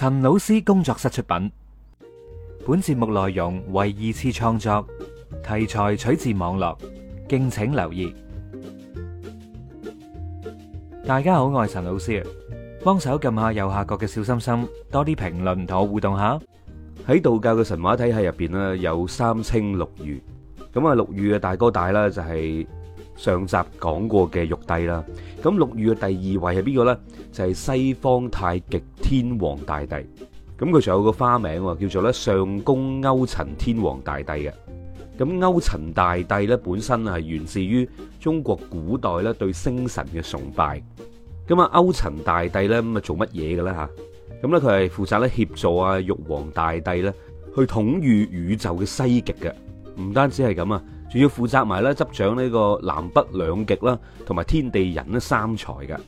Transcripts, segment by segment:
陳老師工作室出品，本節目內容為二次創作，題材取自網絡，敬請留意。大家好，我係陳老師，幫手撳下右下角嘅小心心，多啲評論同我互動下。喺道教嘅神話體系入邊咧，有三清六御，咁啊六御嘅大哥大啦、就是，就係、上集講過嘅玉帝啦，咁六御嘅第二位係邊個呢？就係、是、西方太極天皇大帝，咁佢仲有一個花名叫做咧上宮勾陳天皇大帝嘅。咁勾陳大帝咧本身係源自於中國古代咧對星神嘅崇拜。咁啊勾陳大帝咧，咁啊做乜嘢嘅咧嚇？咁咧佢係負責咧協助啊玉皇大帝咧去統御宇宙嘅西極嘅，唔單止係咁啊。仲要負責埋咧執掌呢個南北兩極啦，同埋天地人咧三才㗎。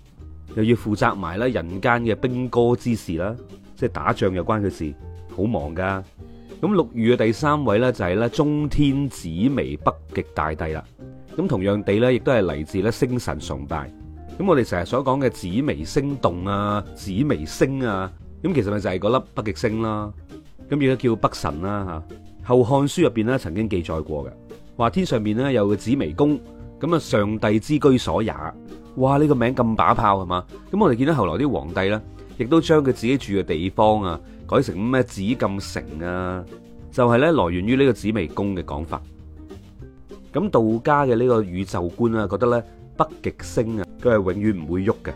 又要負責埋咧人間嘅兵戈之事啦，即係打仗有關嘅事，好忙噶。咁六御嘅第三位咧就係咧中天紫微北極大帝啦。咁同樣地咧，亦都係嚟自咧星神崇拜。咁我哋成日所講嘅紫微星動啊、紫微星啊，咁其實咪就係嗰粒北極星啦。咁而家叫北辰啦嚇。後漢書入面咧曾經記載過嘅。話天上面咧有個紫微宮，咁啊上帝之居所也。哇呢個名咁把炮係嘛？咁我哋見到後來啲皇帝咧，亦都將佢自己住嘅地方啊，改成咩紫禁城啊，就係咧來源於呢個紫微宮嘅講法。咁道家嘅呢個宇宙觀啊，覺得咧北極星啊，佢係永遠唔會喐嘅，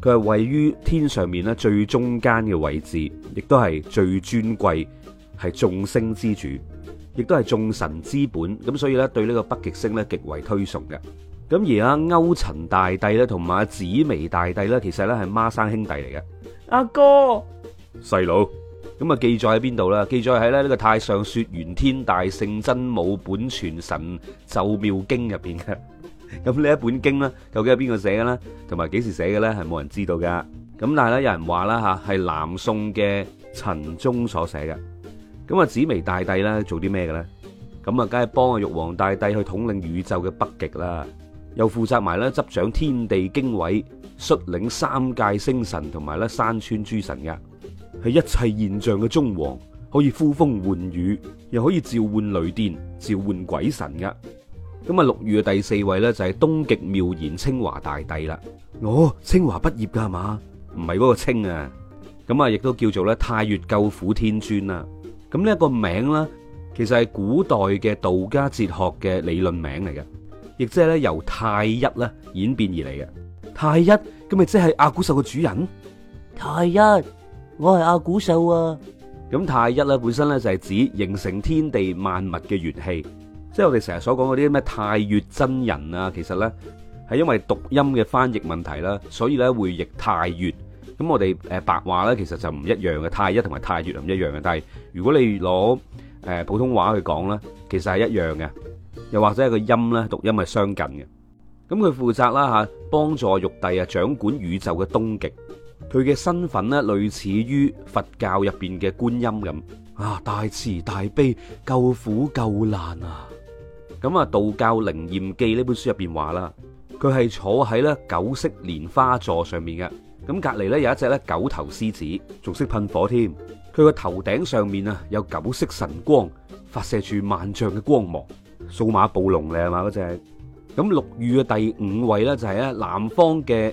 佢係位於天上面咧最中間嘅位置，亦都係最尊貴，係眾星之主。亦都係眾神之本，咁所以咧對呢個北極星咧極為推崇嘅。咁而阿勾陳大帝咧同埋阿紫薇大帝咧，其實咧係孖生兄弟嚟嘅。阿哥，哥，細佬。咁啊記載喺邊度咧？記載喺咧呢個《太上說玄天大聖真武本傳神咒妙經》入邊嘅。咁呢一本經咧，究竟係邊個寫嘅咧？同埋幾時寫嘅咧？係冇人知道噶。咁但係咧有人話啦吓，係南宋嘅陳忠所寫嘅。咁啊！紫微大帝啦，做啲咩嘅咧？咁啊，梗係幫啊玉皇大帝去統領宇宙嘅北極啦，又負責埋咧執掌天地經緯，率領三界星神同埋咧山川諸神嘅，係一切現象嘅中皇，可以呼風喚雨，又可以召喚雷電，召喚鬼神㗎。咁啊，六御嘅第四位咧就係東極妙言清華大帝啦。哦，清華畢業噶係嘛？唔係嗰個清啊。咁啊，亦都叫做咧太月救苦天尊啊。咁呢一個名啦，其實係古代嘅道家哲學嘅理論名嚟嘅，亦即係咧由太一咧演變而嚟嘅。太一咁咪即係阿古獸嘅主人？太一，我係阿古獸啊！咁太一咧本身咧就係指形成天地萬物嘅元氣，即係我哋成日所講嗰啲咩太乙真人啊，其實咧係因為讀音嘅翻譯問題啦，所以咧會譯太乙。咁我哋白話咧，其實就唔一樣嘅，太一同埋太乙唔一樣嘅。但係如果你攞普通話去講咧，其實係一樣嘅，又或者係個音咧讀音係相近嘅。咁佢負責啦嚇，幫助玉帝啊，掌管宇宙嘅東極。佢嘅身份咧類似於佛教入邊嘅觀音咁啊，大慈大悲，救苦救難啊！咁啊，道教《靈驗記》呢本書入邊話啦，佢係坐喺咧九色蓮花座上面嘅。咁隔籬咧有一隻咧九頭獅子，仲識噴火添。佢個頭頂上面啊，有九色神光，發射住萬丈嘅光芒。數碼暴龍嚟係嘛嗰隻。咁六御嘅第五位咧就係咧南方嘅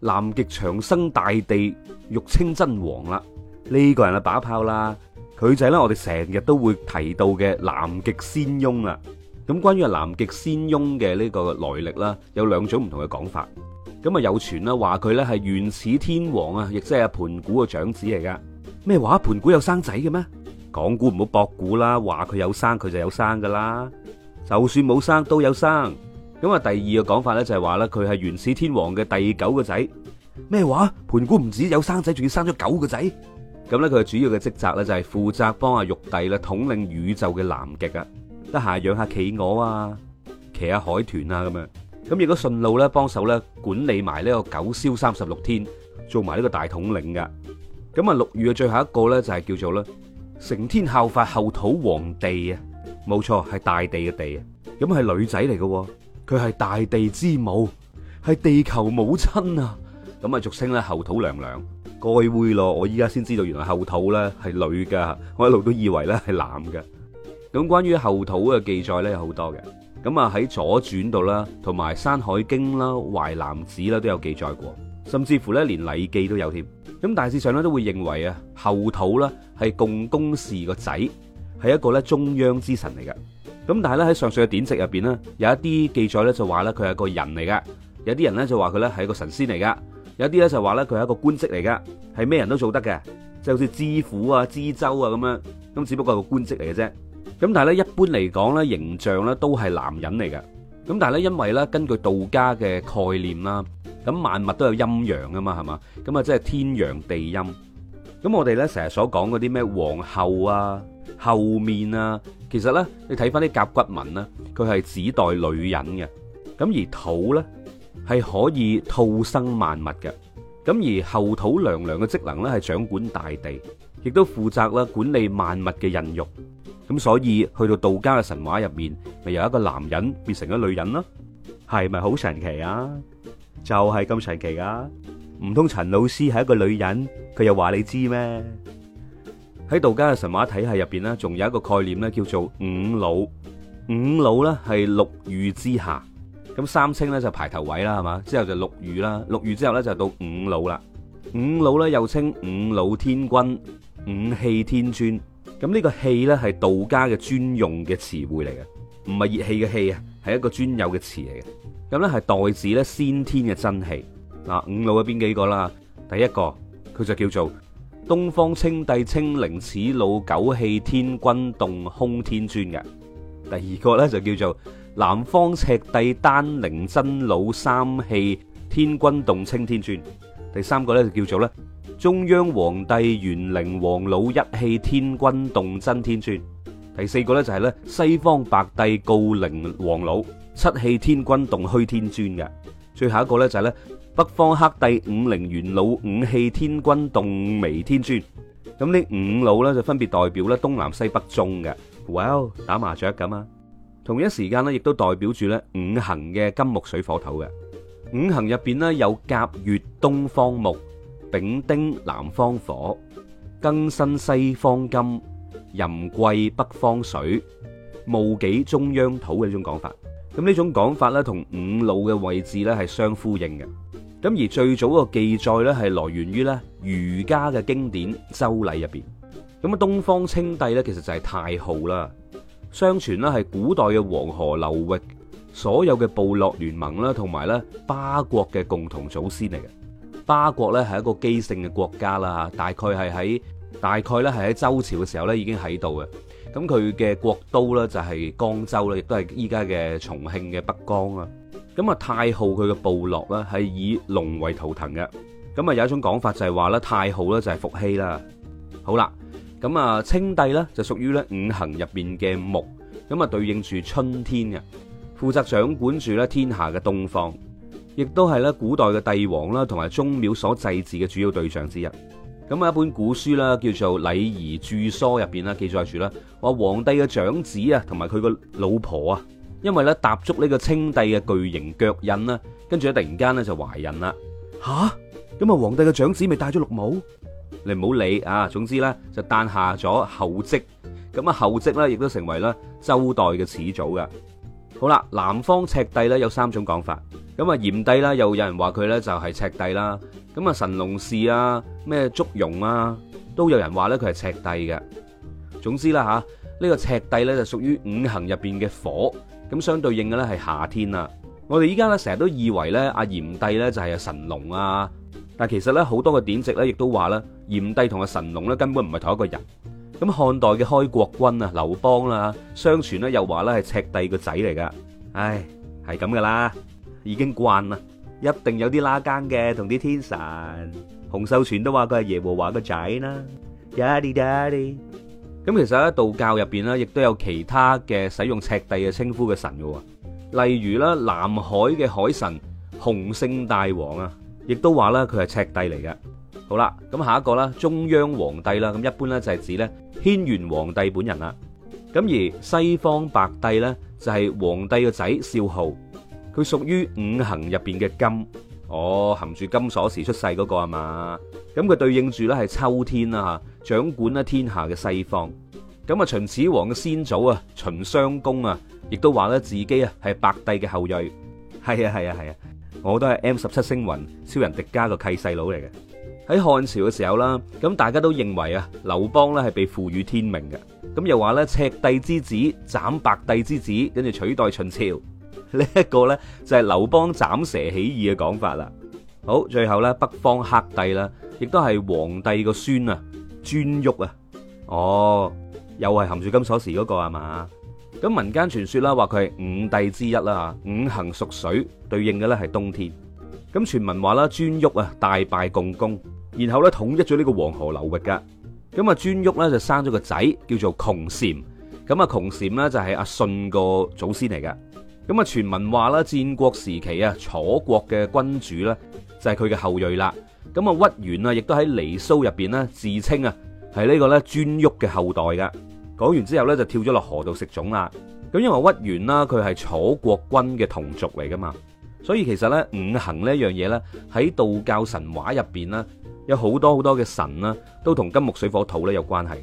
南極長生大帝玉清真王啦。呢、呢個人啊把炮啦，佢就係咧我哋成日都會提到嘅南極仙翁啦。咁關於南極仙翁嘅呢個來歷啦，有兩種唔同嘅講法。咁啊，有傳啦，話佢咧係元始天王啊，亦即係盤古嘅長子嚟噶。咩話？盤古有生仔嘅咩？講古唔好博古啦，話佢有生，佢就有生噶啦。就算冇生，都有生。咁啊，第二個講法咧就係話咧，佢係元始天王嘅第九個仔。咩話？盤古唔止有生仔，仲要生咗九個仔。咁咧，佢主要嘅職責咧就係負責幫阿玉帝啦統領宇宙嘅南極啊，得下養下企鵝啊，騎下海豚啊咁樣。咁亦都順路咧幫手咧管理埋呢個九霄三十六天，做埋呢個大統領噶。咁啊，六御嘅最後一個咧就係叫做咧，成天效法后土皇帝啊，冇錯係大地嘅地啊。咁係女仔嚟嘅，佢係大地之母，係地球母親啊。咁啊，俗稱咧后土娘娘。各位會咯，我依家先知道原來后土咧係女噶，我一路都以為咧係男㗎。咁關於后土嘅記載咧有好多嘅。咁啊喺左傳度啦，同埋《山海經》啦、《淮南子》啦都有記載過，甚至乎咧連《禮記》都有添。咁大致上咧都會認為啊，后土啦係共工氏個仔，係一個咧中央之神嚟嘅。咁但係咧喺上述嘅典籍入邊咧，有一啲記載咧就話咧佢係個人嚟㗎，有啲人咧就話佢咧係一個神仙嚟噶，有啲咧就話咧佢係一個官職嚟噶，係咩人都做得嘅，就好似知府啊、知州啊咁樣，咁只不過係個官職嚟嘅啫。咁但係咧，一般嚟講咧，形象咧都係男人嚟嘅。咁但係咧，因為咧根據道家嘅概念啦，咁萬物都有陰陽啊嘛，係嘛？咁啊，即係天陽地陰。咁我哋咧成日所講嗰啲咩皇后啊、後面啊，其實咧你睇翻啲甲骨文啦，佢係指代女人嘅。咁而土咧係可以吐生萬物嘅。咁而后土娘娘嘅職能咧係掌管大地，亦都負責啦管理萬物嘅孕育。咁所以去到道家嘅神話入面，咪由一個男人變成咗女人咯，係咪好神奇啊？就係咁神奇噶，唔通陳老師係一個女人，佢又話你知咩？喺道家嘅神話體系入邊咧，仲有一個概念咧，叫做五老。五老咧係六御之下，咁三清咧就排頭位啦，係嘛？之後就六御啦，六御之後咧就到五老啦。五老咧又稱五老天君、五氣天尊。咁呢個氣呢，係道家嘅專用嘅詞彙嚟嘅，唔係熱氣嘅氣啊，係一個專有嘅詞嚟嘅。咁呢係代指呢先天嘅真氣。嗱，五老嘅邊幾個啦？第一個佢就叫做東方清帝清靈始老九氣天君洞空天尊嘅。第二個呢，就叫做南方赤帝丹靈真老三氣天君洞清天尊。第三個呢，就叫做呢。中央皇帝元靈王老一氣天君動真天尊，第四個咧就係咧西方白帝告靈王老七氣天君動虛天尊嘅，最後一個咧就係咧北方黑帝五靈元老五氣天君動微天尊，咁呢五老咧就分別代表咧東南西北中嘅，哇！打麻雀咁啊，同一時間咧亦都代表住咧五行嘅金木水火土嘅，五行入邊咧有甲乙東方木。丙丁南方火，庚辛西方金，壬癸北方水，戊己中央土嘅一種講法。咁呢種講法咧，同五老嘅位置咧係相呼應嘅。咁而最早個記載咧，係來源於咧儒家嘅經典《周禮》入邊。咁啊，東方青帝咧，其實就係太昊啦。相傳咧，係古代嘅黃河流域所有嘅部落聯盟啦，同埋咧巴國嘅共同祖先嚟嘅。巴國咧係一個姬姓嘅國家啦，大概係喺大概咧係喺周朝嘅時候咧已經喺度嘅，咁佢嘅國都咧就係江州啦，亦都係依家嘅重慶嘅北江啊。咁啊，太昊佢嘅部落咧係以龍為圖騰嘅，咁啊有一種講法就係話咧太昊咧就係伏羲啦。好啦，咁啊，清帝咧就屬於咧五行入邊嘅木，咁啊對應住春天嘅，負責掌管住咧天下嘅東方。亦都係咧古代嘅帝王啦，同埋宗廟所祭祀嘅主要對象之一。咁啊，一本古書啦，叫做《禮儀注疏》入邊啦，記載住啦，話皇帝嘅長子啊，同埋佢個老婆啊，因為咧踏足呢個清帝嘅巨型腳印啦，跟住咧突然間咧就懷孕啦。吓，咁啊，皇帝嘅長子咪戴咗綠帽？你唔好理啊，總之咧就誕下咗后稷，咁啊后稷咧亦都成為咧周代嘅始祖噶。好啦，南方赤帝咧有三種講法，咁啊炎帝啦，又有人話佢咧就係赤帝啦，咁啊神農氏啊，咩祝融啊，都有人話咧佢係赤帝嘅。總之啦吓，呢個赤帝咧就屬於五行入邊嘅火，咁相對應嘅咧係夏天啊。我哋依家咧成日都以為咧阿炎帝咧就係阿神龍啊，但其實咧好多嘅典籍咧亦都話咧炎帝同阿神龍咧根本唔係同一個人。咁漢代嘅開國君啊，劉邦啦，相傳咧又話咧係赤帝個仔嚟噶，唉，係咁噶啦，已經慣啦，一定有啲拉更嘅同啲天神，洪秀全都話佢係耶和華個仔啦，爹哋爹哋。咁其實喺道教入邊咧，亦都有其他嘅使用赤帝嘅稱呼嘅神噶喎，例如咧南海嘅海神洪聖大王啊，亦都話咧佢係赤帝嚟嘅。好啦，咁下一個啦，中央皇帝啦，咁一般咧就係指咧軒轅皇帝本人啦。咁而西方白帝咧就係皇帝嘅仔少昊，佢屬於五行入邊嘅金。哦，含住金鎖匙出世嗰個啊嘛。咁佢對應住咧係秋天啦吓，掌管天下嘅西方。咁啊，秦始皇嘅先祖啊，秦襄公啊，亦都話咧自己啊係白帝嘅後裔。係啊係啊係啊，我都係 M 十七星雲超人迪迦個契細佬嚟嘅。喺漢朝嘅時候啦，咁大家都認為啊，劉邦咧係被賦予天命嘅。咁又話咧赤帝之子斬白帝之子，跟住取代秦朝呢一個咧就係劉邦斬蛇起義嘅講法啦。好，最後咧北方黑帝啦，亦都係皇帝個孫啊，顓頊啊，哦，又係含住金鎖匙嗰個係嘛？咁民間傳說啦話佢係五帝之一啦，五行屬水，對應嘅咧係冬天。咁傳聞話啦，顓頊啊大敗共工，然後咧統一咗呢個黃河流域噶，咁啊顓頊咧就生咗個仔叫做窮蟬，咁啊窮蟬呢就係阿舜個祖先嚟噶，咁啊傳聞話啦戰國時期啊楚國嘅君主呢就係佢嘅後裔啦，咁啊屈原啊亦都喺離騷入邊咧自稱啊係呢個咧顓頊嘅後代噶，講完之後咧就跳咗落河度食種啦，咁因為屈原啦佢係楚國君嘅同族嚟噶嘛。所以其實咧，五行呢一樣嘢呢喺道教神話入邊，呢有好多好多嘅神啦都同金木水火土咧有關係，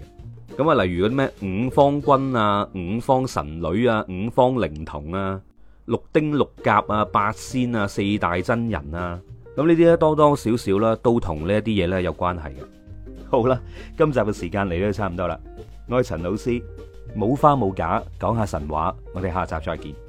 咁啊，例如啲咩五方君啊、五方神女啊、五方靈童啊、六丁六甲啊、八仙啊、四大真人啊，咁呢啲咧多多少少啦，都同呢一啲嘢呢有關係嘅。好啦，今集嘅時間嚟咧差唔多啦。我係陳老師，冇花冇假講下神話，我哋下集再見。